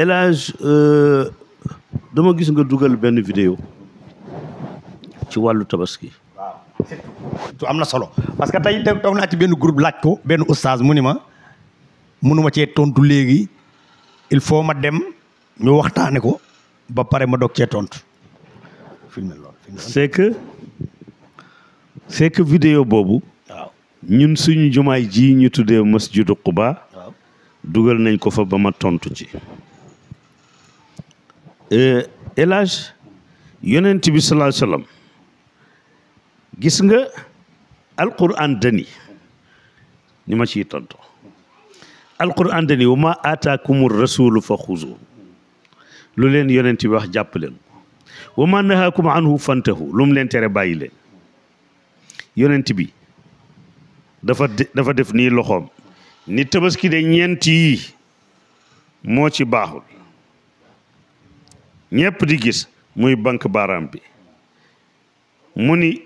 El Hadj euh, dama gis nga dugal benn vidéo ci wàllu tabaski. surtout am na solo parce que tey toog naa ci benn groupe laaj ko benn oustaz mu ni ma mënuma cee tontu léegi il faut ma dem ñu waxtaane ko ba pare ma dog cee tontu. c'est que c'est que vidéo boobu. ñun suñu jumaay ji ñu tuddee masjidu ba dugal nañ ko fa ba ma tontu ci. Euh, elage yonent bi sallallahu alayhi gis nga alquran dani ñu ma ciy tontu alquran dani wa ma aataakumur rasulu fa xuzu lu leen yonent bi wax jàpp leen wa ma nahaakum anhu fantahu lu mu leen tere bàyyi leen yonent bi dafa def nii loxoom ni tabaski de ñeent yi moo ci baaxul ñépp di gis muy banque baaraam bi mu ni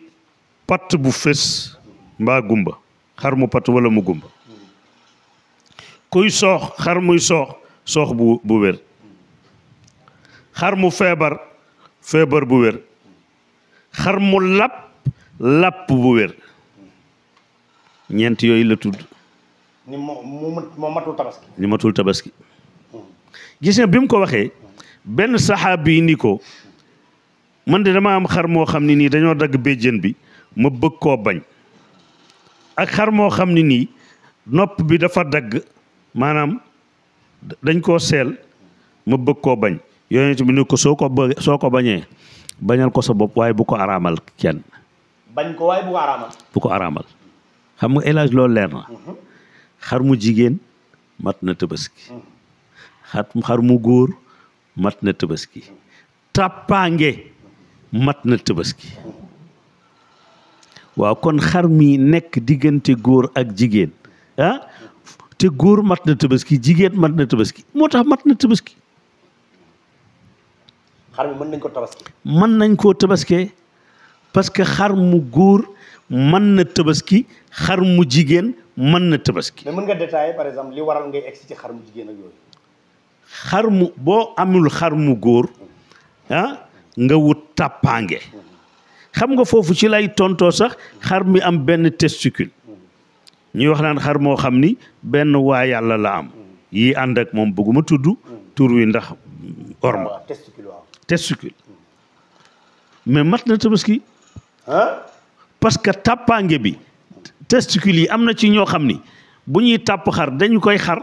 patt bu fés mbaa gumba xar mu patt wala mu gumba kuy soox xar muy soox soox bu bu wér xar mu feebar feebar bu wér xar mu làpp làpp bu wér ñeent yooyu la tudd ni matul tabaski gis nga bi ko waxee benn saxaab yi ni ko man de dama am xar moo xam ne nii dañoo dagg béjjén bi ma bëgg koo bañ ak xar moo xam ne nii nopp bi dafa dagg maanaam dañ koo seel ma bëgg koo bañ yonent bi ni ko soo ko soo ko bañee bañal ko sa bopp waaye bu ko araamal kenn bañ ko waaye bu ko araamal xam nga élage loolu leer na mhm. xar mu jigéen mat na tabaski mhm. xar mu góor mat na tabaski tàppaange mat na tabaski waaw kon xar mi nekk diggante góor ak jigéen ah te góor mat na tabaski jigéen mat na tabaski moo tax mat na tabaski xar mi mën nañ ko tabaski mën nañ koo tabaskee parce que xar mu góor mën na tabaski xar mu jigéen mën na tabaski mais mën nga détailler par exemple li waral ngay egg jigéen ak yooyu xar mu boo amul xar mu góor ah, nga wut tàppaange xam nga foofu ci lay tontoo sax xar mi am benn testicule ñuy wax naan xar moo xam ni benn waa yàlla la am yii ànd ak moom bëgguma tudd tur wi ndax orma ah, testicule mais mat na tabaski parce que tàppaange bi testicule yi am na ci ñoo xam ni bu ñuy tàpp xar dañu koy xar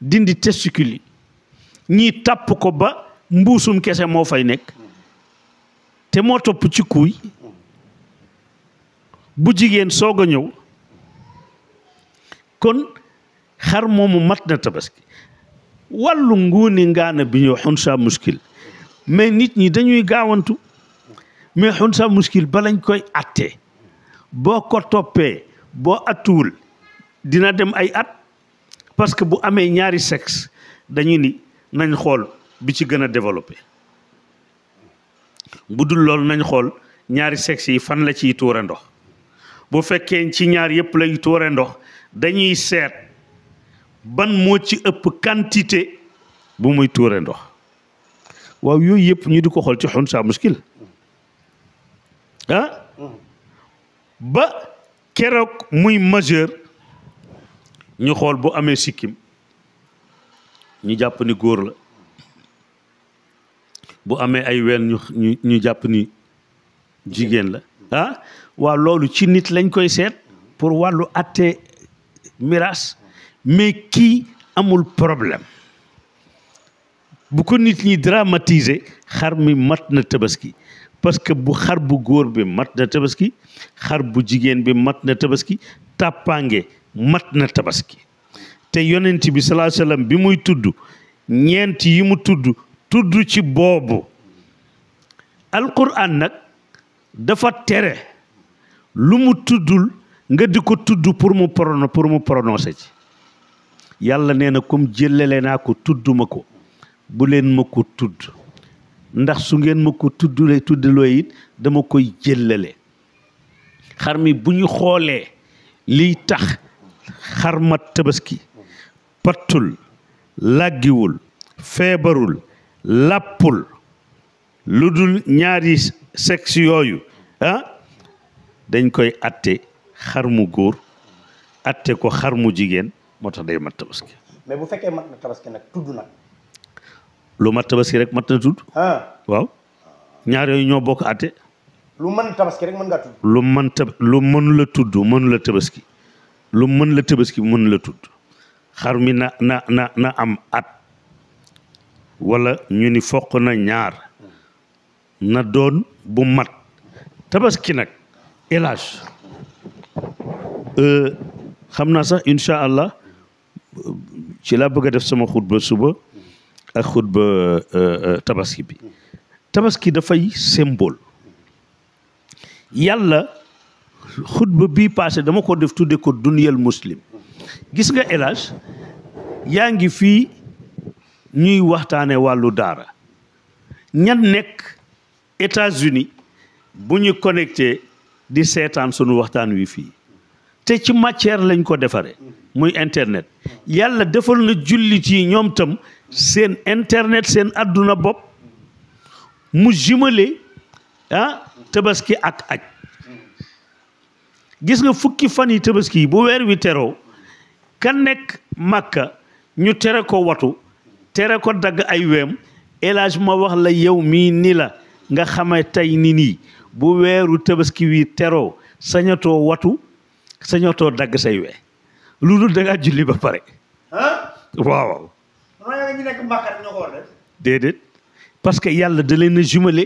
dindi testicule yi ñii tàpp ko ba mbuusum kese moo fay nekk te moo topp ci kuuy bu jigéen soog a ñëw kon xar moomu mat na tabaski wàllu nguuni ngaana bi ñëw xunsa muskil mais nit ñi dañuy gaawantu mais xunsa muskil ba lañ koy atte boo ko toppee boo attuwul dina dem ay at parce que bu amee ñaari sex dañu ni nañ xool bi ci gën a développé bu dul loolu nañ xool ñaari sexe yi fan la ciy tuure ndox bu fekkee ci ñaar yëpp lay tuure ndox dañuy seet ban moo ci ëpp quantité bu muy tuure ndox waaw yooyu yëpp ñu di ko xool ci xun saa muskil ah? ba keroog muy majeur ñu xool bu amee sikkim ñu jàpp ni góor la bu amee ay ween ñu jàpp ni jigéen la ah waaw loolu ci nit lañ koy seet pour wàllu atte miraas mais kii amul problème bu ko nit ñi dramatiser xar mi mat na tabaski parce que bu xar bu góor bi mat na tabaski xar bu jigéen bi mat na tabaski tàppaange mat na tabaski te yonent bi salaa bi muy tudd ñeent yi mu tudd tudd ci boobu alquran nag dafa tere lu mu tuddul nga di ko tudd pour mu prono pour mu prononcé ci yàlla nee na kom jëlale naa ko tudd ma ko bu leen ma ko tudd ndax su ngeen ma ko tuddule tuddloo it dama koy jëlale xar mi bu ñu xoolee liy tax xar ma tabaski pattul làggiwul feebarul lappul lu dul ñaari sexe yooyu ah dañ koy atte xar mu góor atte ko xar mu jigéen moo tax day mat tabaski. mais bu fekkee mat tabaski nag tudd na. lu mat tabaski rek mat na tudd. waaw ñaar yooyu ñoo bokk atte. lu mën rek mën lu mën tab lu mën la tudd mën lu mën la tabaski mën la tudd. xar mi na na na am at wala ñu ni foq na ñaar na doon bu mat tabaski nag élage euh, xam naa sax incha allah ci laa bëgg a def sama xutba suba ak xutba euh, euh, tabaski bi tabaski dafay symbole yàlla xutba bii passé dama ko def tudde ko duniyal muslim gis nga El yaa ngi fii ñuy waxtaane wàllu daara ñan nekk États-Unis bu ñu connecté di seetaan sunu waxtaan wi fii te ci matière lañ ko defare muy internet yàlla defal na jullit yi ñoom tam seen internet seen àdduna bopp mu jumelé ah, tabaski ak aj gis nga fukki fan yi tabaski bu weer wi teroo ka nekk màkka ñu tere ko watu tere ko dagg ay weem elage ma wax la yow mii nii la nga xame tey ni nii bu weeru tabaski wi teroo sañatoo watu sañatoo dagg say wee lu dul da julli ba pare waaw déedéet parce que yàlla da leen a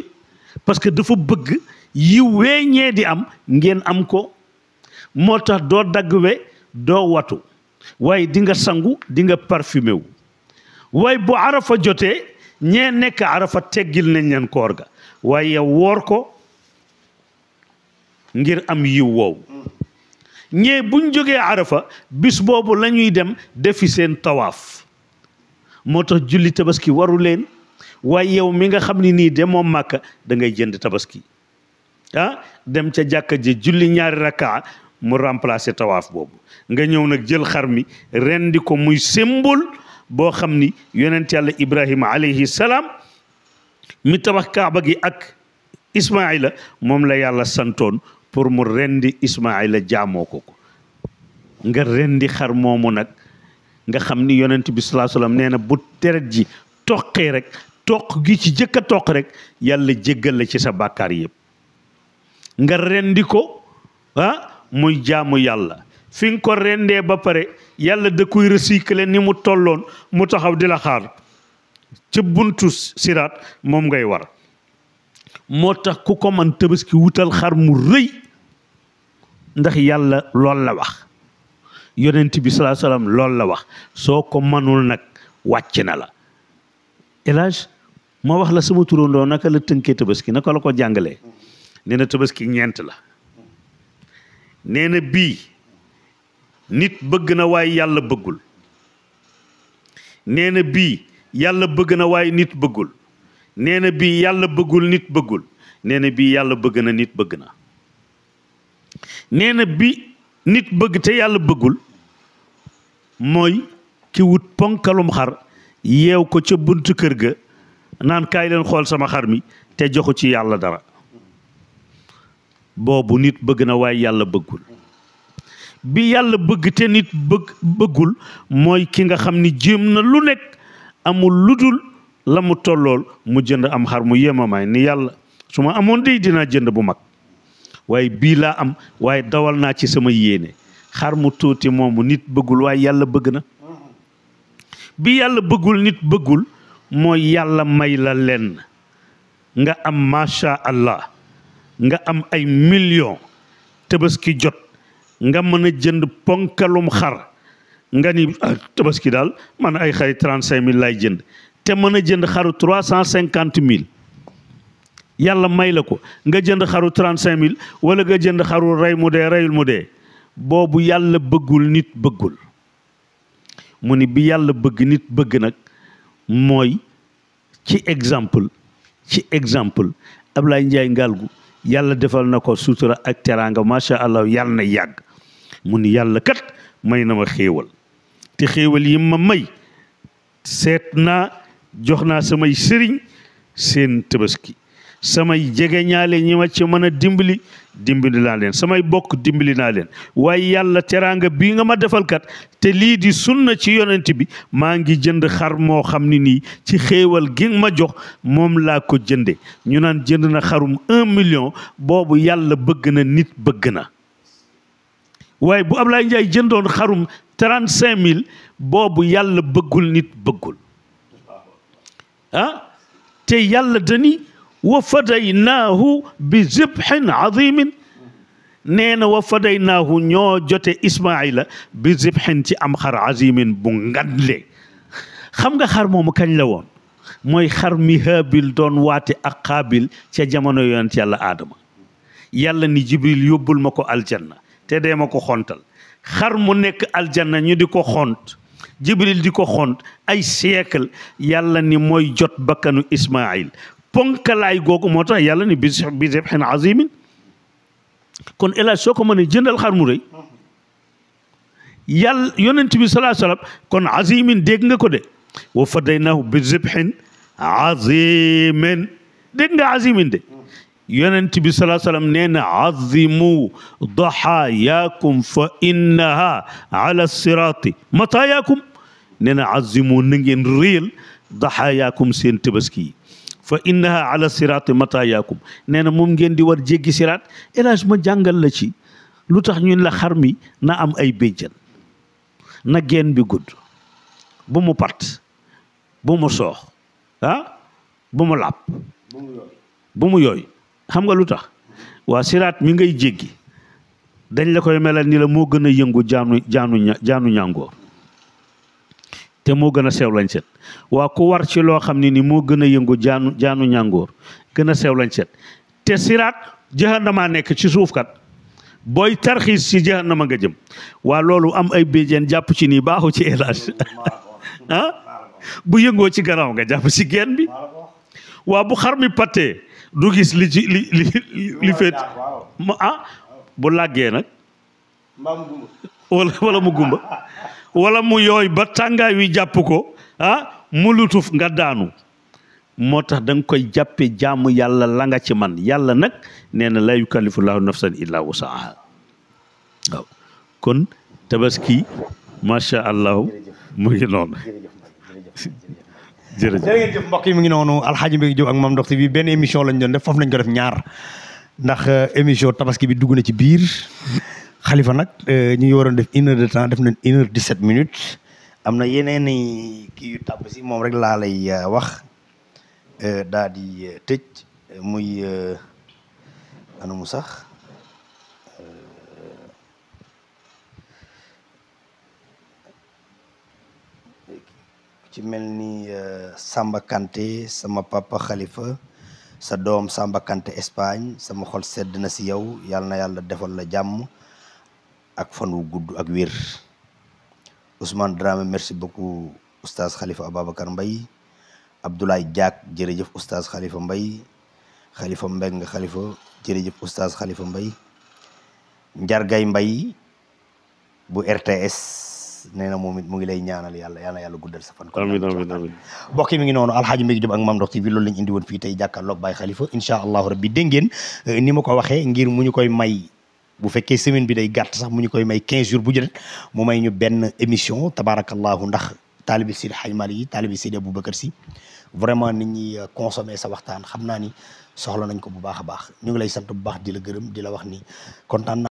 parce que dafa bëgg yi weeñee di am ngeen am ko moo tax doo dagg we doo watu waaye dinga nga sangu di nga wu waaye bu arafa jotee ñee nekk arafa teggil nañ leen koor ga waaye yow woor ko ngir am yiw woowu ñee bu jógee arafa bis boobu lañuy dem defi seen tawaaf moo tax julli tabaski waru leen waaye yow mi nga xam ni nii demoo màkka dangay jënd tabaski ah, dem ca jàkka ji julli ñaari rakaa mu remplacer tawaaf boobu nga ñëw nag jël xar mi rendi ko muy symbole boo xam ni yonent yàlla Ibrahima alayhi salaam mi tabax kaaba gi ak Ismaayla moom la yàlla santoon pour mu rendi Ismaayla jaamoo ko ko nga rendi xar moomu nag nga xam ni yonent bi salaa salaam nee na bu teret ji toqee rek toq gi ci jëkk a toq rek yàlla jéggal la ci sa bàkkaar yépp nga rendi ko ah, muy jaamu yàlla fi nga ko rendee ba pare yàlla dëkku koy ni mu tolloon mu taxaw di la xaar ca buntu siraat moom ngay war moo tax ku ko man tabaski wutal xar mu rëy ndax yàlla lool la wax yonent bi salaa salaam lool la wax soo ko manul nag wàcc na la elage moo wax la sama turandoo naka la tënkee tabaski naka la ko jàngalee nee na tabaski ñeent la nee bii nit bëgg na waaye yàlla bëggul nee bii yàlla bëgg na waaye nit bëggul nee na bii yàlla bëggul nit bëggul nee na yàlla bëgg na nit bëgg na nee na bi nit bëgg te yàlla bëggul mooy ki wut ponkalum xar yeew ko ca bunt kër ga naankaay kaay leen xool sama xar mi te joxu ci yàlla dara boobu nit bëgg na waaye yàlla bëggul bi yàlla bëgg te nit bëgg bëggul mooy ki nga xam ni jéem na lu nekk amul lu dul la mu tollool mu jënd am xar mu yemamaay ni yàlla su ma amoon day dina jënd bu mag waaye bii laa am waaye dawal naa ci sama yéene xar mu tuuti moomu nit bëggul waaye yàlla bëgg na bi yàlla bëggul nit bëggul mooy yàlla may la lenn nga am macha allah nga am ay million tabaski jot nga mën a jënd ponkalum xar nga ni ah, tabaski daal man ay xari trente cinq mille lay jënd te mën a jënd xaru trois cent cinquante mille yàlla may la ko nga jënd xaru trente cinq mille wala nga jënd xaru rey mu dee reyul mu dee boobu yàlla bëggul nit bëggul mu ni bi yàlla bëgg nit bëgg nag mooy ci exemple ci exemple Ablaye Ndiaye Ngalgou yàlla defal na ko sutura ak teraanga macha allah yàlla na yàgg mu ni yàlla kat may na ma xéewal te xéewal yim ma may seet naa jox naa samay sëriñ seen tabaski samay jegeñaale ñi ma ci mën a dimbali dimbali naa leen samay bokk dimbali naa leen waaye yàlla teraanga bii nga ma defal kat te lii di sunna ci yonent bi maa ngi jënd xar moo xam ne nii ci xéewal gi nga ma jox moom laa ko jënde ñu naan jënd na xarum un million boobu yàlla bëgg na nit bëgg na waaye bu Ablaye Ndiaye jëndoon xarum trente cinq mille boobu yàlla bëggul nit bëggul ah? te yàlla dani wa fadaynaahu bi zibhin azimin nee na wa fadaynaahu ñoo jote ismaila bi zibhin ci am xar azimin bu ngandle xam nga xar moom kañ la woon mooy xar mi haabil doon waate ak xaabil ca jamono yonent yàlla aadama yàlla ni jibril yóbbul ma ko aljanna te dee ma ko xontal xar mu nekk aljanna ñu di ko xont jibril di ko xont ay siècle yàlla ni mooy jot bakkanu ismail ponkalaay googu moo tax yàlla ni bis bi zebxin azimin kon élage soo ko mënee jëndal xar mu rëy yàlla yonent bi salaa salaam kon azimin dégg nga ko de wa fadaynaahu bi zebxin azimin dégg nga azimin de yonent bi salaa salaam nee na azimu daxaayaakum fa innaha ala siraati matayaakum nee na azimu na ngeen réel daxaayaakum seen tabaski yi fa innaha ala siraati nee na moom ngeen di war jéggi siraat élage ma jàngal la ci lu tax ñun la xar mi na am ay béjjën na geen bi gudd bu mu pat bu mu soox ah bu mu làpp bu mu yooy xam nga lu tax waa siraat mi ngay jéggi dañ la koy melal ni la moo gën a yëngu jaanu jaanu jaanu ñàngoor te moo gën a sew lañ waa ku war ci loo xam ne ni moo gën a yëngu jaanu jaanu ñàngoor gën a sew lañ set te siraat jahannamaa nekk ci suuf kat booy tarxiis ci jahannama nga jëm waa loolu am ay béjjeen jàpp ci nii baaxu ci élage ah? bu yëngoo ci gannaaw nga jàpp ci gen bi waa bu xar mi pattee du gis li li li li féet ah bu làggee nag wala mu gumba wala mu yooy ba tàngaay wi jàpp ko ah mu lutuf nga daanu moo tax da koy jàppe jàmm yàlla la nga ci man yàlla nag nee na laa yukallifu llahu nafsan illa wusaha kon tabaski macha allah mu ngi noonu jërëjëf mu ngi noonu alxaaji Mbay Jóob ak Mame Ndokh bi benn émission lañ doon def foofu lañ ko def ñaar ndax euh, émission tabaski bi dugg na ci biir xalifa nag euh, ñu ngi waroon def une heure de temps def nañ une heure dix sept minutes am na yeneen kii yu tàbb si moom rek laa lay euh, wax euh, daadi tëj muy anamu sax ci mel ni Samba Kanté sama papa xalifa sa doom Samba Kanté Espagne sama xol sedd na si yow yàlla na yàlla defal la jàmm ak fan wu gudd ak wér Ousmane Dramé merci beaucoup oustaz Khalifa Ababacar Mbaye Abdoulaye Diak jërëjëf oustaz Khalifa mbay Khalifa Mbeng Khalifa jërëjëf oustaz Khalifa Mbaye Njargay Mbaye bu RTS nee na moom it mu ngi lay ñaanal yàlla yal na yàlla guddal sa fan. amiin amiin amiin mbokk yi mi ngi noonu alxaaji Mbégi Jóob ak Mame Ndokh TV loolu lañ indi woon fii tey jàkkaarloog Baye Khalifa incha allahu rabbi dégg ngeen eh, ni ma ko waxee ngir muñu koy may. bu fekkee semaine bi day gàtt sax mu ñu koy may 15 jours bu jël mu may ñu benn émission tabarakallahu ndax taalibi Seydi Hadj Malick yi taalibi Seydi Aboubacar si vraiment nit ñi euh, consommer sa waxtaan xam naa ni soxla nañ ko bu baax a baax ñu ngi lay sant bu baax di la gërëm di la wax ni kontaan naa